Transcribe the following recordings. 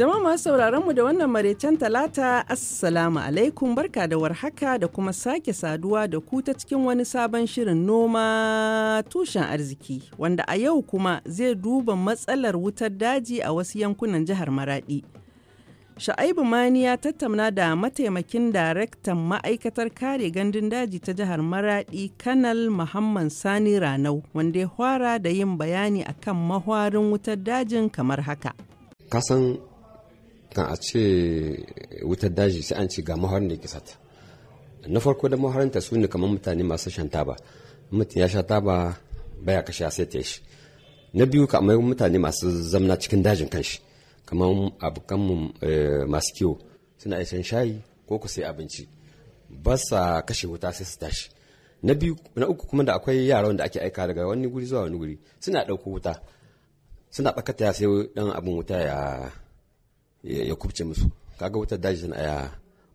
jama masu sauraron mu da wannan maraicen talata assalamu alaikum barka da warhaka da kuma sake saduwa da ku ta cikin wani sabon shirin noma tushen arziki wanda a yau kuma zai duba matsalar wutar daji a wasu yankunan jihar Maradi. Sha'aibu Mani ya tattauna da mataimakin daraktan ma'aikatar kare gandun daji ta jihar Maradi Kanal Muhammad Sani Ranau wanda ya fara da yin bayani akan mahwarin wutar dajin kamar haka. Kasan kan a ce wutar daji sai an ce ga maharin da ke na farko da maharinta su ne kamar mutane masu shan taba mutum ya sha taba baya kashe sai ta shi na biyu kamar mutane masu zamna cikin dajin kanshi kamar abokan eh, masu kiwo suna iya shan shayi ko ku sai abinci ba sa kashe wuta sai su tashi na biyu na uku kuma da akwai yara wanda ake aika daga wani guri zuwa wani guri suna ɗauko wuta suna ɓakata ya sai ɗan abin wuta ya ya kubce musu kaga wata daji na aya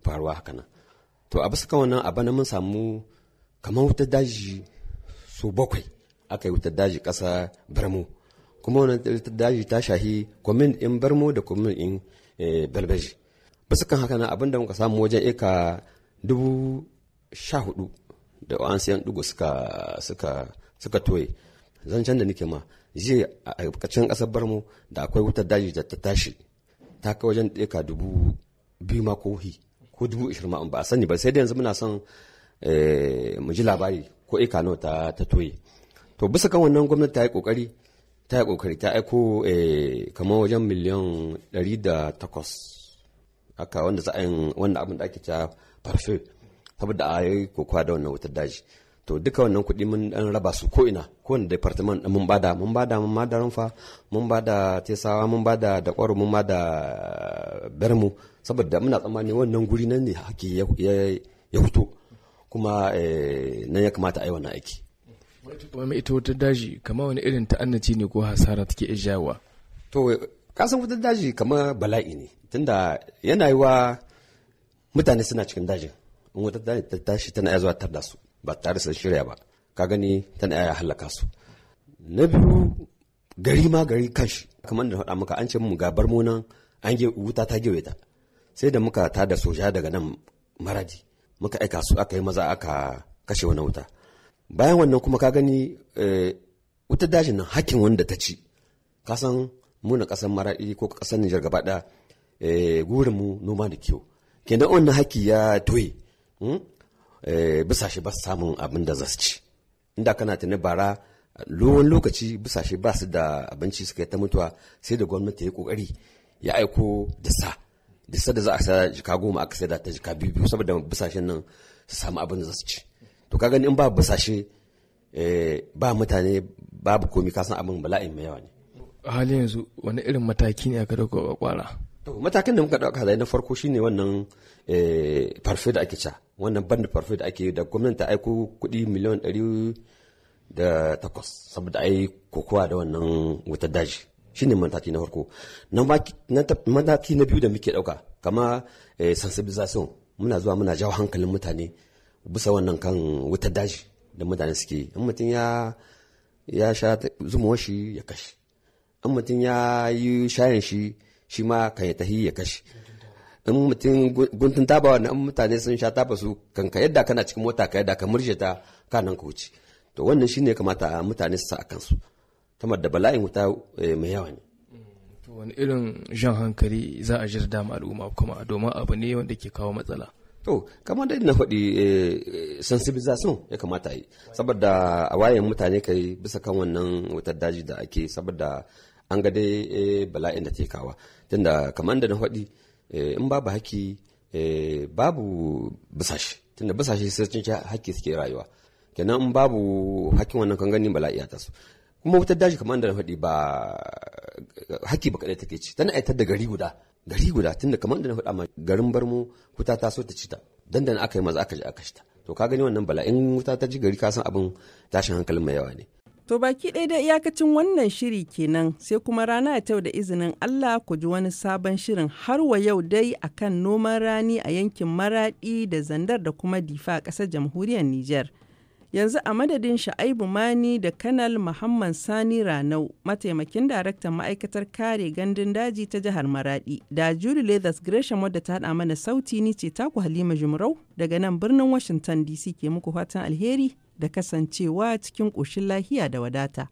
faruwa haka nan to a bisa kan wannan a bana mun samu kamar wata daji su bakwai aka yi wata daji ƙasa barmo kuma wannan wata daji ta shahi kwamin in barmo da kwamin in eh, belbeji bisa kan haka nan abin da muka samu wajen eka dubu sha hudu da an sayan dugu suka suka suka toye zancen da nike ma jiya a ƙarƙashin ƙasar barmo da akwai wutar daji da ta tashi ta kai wajen ɗeka dubu biyu ma ko ko dubu ishirin ma ba a sani ba sai da yanzu muna son eh, mu ji labari ko eka nawa ta ta toye to bisa kan wannan gwamnati ta yi kokari ta yi kokari ta aiko eh, kamar wajen miliyan ɗari da takwas aka wanda za a abin da ake ta parfait saboda a yi kokowa da wannan wutar daji to duka wannan kuɗi mun dan raba su ko ina ko wani departement mun bada mun bada mun bada rumfa mun bada tesawa mun bada da kwaro mun bada eh, bermu saboda muna tsammani wannan guri nan ne haki ya fito kuma eh, nan ya kamata a yi wannan aiki kuma ita wata daji kama wani irin ta'annaci ne ko hasara take ijawa to kasan wata daji kama bala'i ne tunda yana yi wa mutane suna cikin dajin in wata daji ta tashi tana zuwa tar da su ba tare sun shirya ba ka gani tana yaya halaka su na biyu gari ma gari kanshi kamar da faɗa muka an ce mu ga mu nan an ge wuta ta ge sai da muka ta da soja daga nan maradi muka aika su aka yi maza aka kashe wani wuta bayan wannan kuma ka gani eh, wutar dajin nan hakkin wanda ta ci kasan muna kasan maradi ko kasan Nijar gaba ɗaya eh, gurin mu noma da kyau kenan wannan haki ya toye hmm? Eh, bisa shi ba su samun abin da za su ci inda kana tuni bara lowan lokaci bisa shi ba su da abinci suka yi ta mutuwa sai da gwamnati ya kokari ya aiko da sa da za a sa jika goma aka sai da ta jika biyu biyu saboda bisashen nan su samu abin da za su ci to ka gani in ba bisashe eh, ba mutane babu komi ka san abin bala'in mai yawa ne hali yanzu wani irin mataki ne aka dauka kwakwara matakin da muka ɗauka zai na farko shine wannan farfe eh, da ake ca wannan band farfe da ake da gwamnati ta aiko kuɗi miliyan ɗari da takwas saboda ai kokowa da wannan wutar daji shine mataki na farko mataki na biyu da muke ɗauka kama eh, sensibilization muna zuwa muna jawo hankalin mutane bisa wannan kan wutar daji da mutane suke in mutum ya ya sha zumuwar shi ya kashe in mutum ya yi shayin shi shi ma ka ya tahi ya kashi in mutum guntun taba wa in mutane sun sha taba su kan ka yadda kana cikin mota ka yadda ka murje ta ka nan ka wuce to wannan shine kamata mutane su sa a kansu tamar da bala'in wuta eh, mai yawa ne to wani irin jan hankali za a jirda ma al'umma kuma domin abu ne wanda ke kawo matsala to kamar da na faɗi eh, sensibilization ya kamata yi saboda a wayan mutane kai bisa kan wannan wutar daji da ake saboda an ga dai eh, bala'in da take kawa tunda kamar da na faɗi eh, in babu haki eh, babu bisashi tunda bisashi sai cin haki suke rayuwa kenan in babu hakin wannan kan gani bala'i ya taso kuma wutar daji kamar da na faɗi ba haki ba kaɗai take ci tana aitar da gari guda gari guda tunda kamar da na faɗa ma garin barmu wuta ta so ta ci ta dandan aka yi maza aka ji aka ci ta to ka gani wannan bala'in wuta ta ji gari ka san abin tashin hankalin mai yawa ne To baki ɗaya da iyakacin wannan shiri kenan sai kuma rana ta yau da izinin Allah ku ji wani sabon shirin har wa yau dai akan noman rani a yankin Maraɗi da Zandar da kuma Difa a ƙasar jamhuriyar Nijar. Yanzu a madadin Sha'aibu Mani da Kanal Muhammad Sani Ranau, mataimakin daraktan ma'aikatar kare gandun daji ta jihar maraɗi da Julie Leathers Gresham wadda ta haɗa mana sauti ni ce taku Halima Jumrau daga nan birnin Washington DC ke muku fatan alheri da kasancewa cikin ƙoshin lahiya da wadata.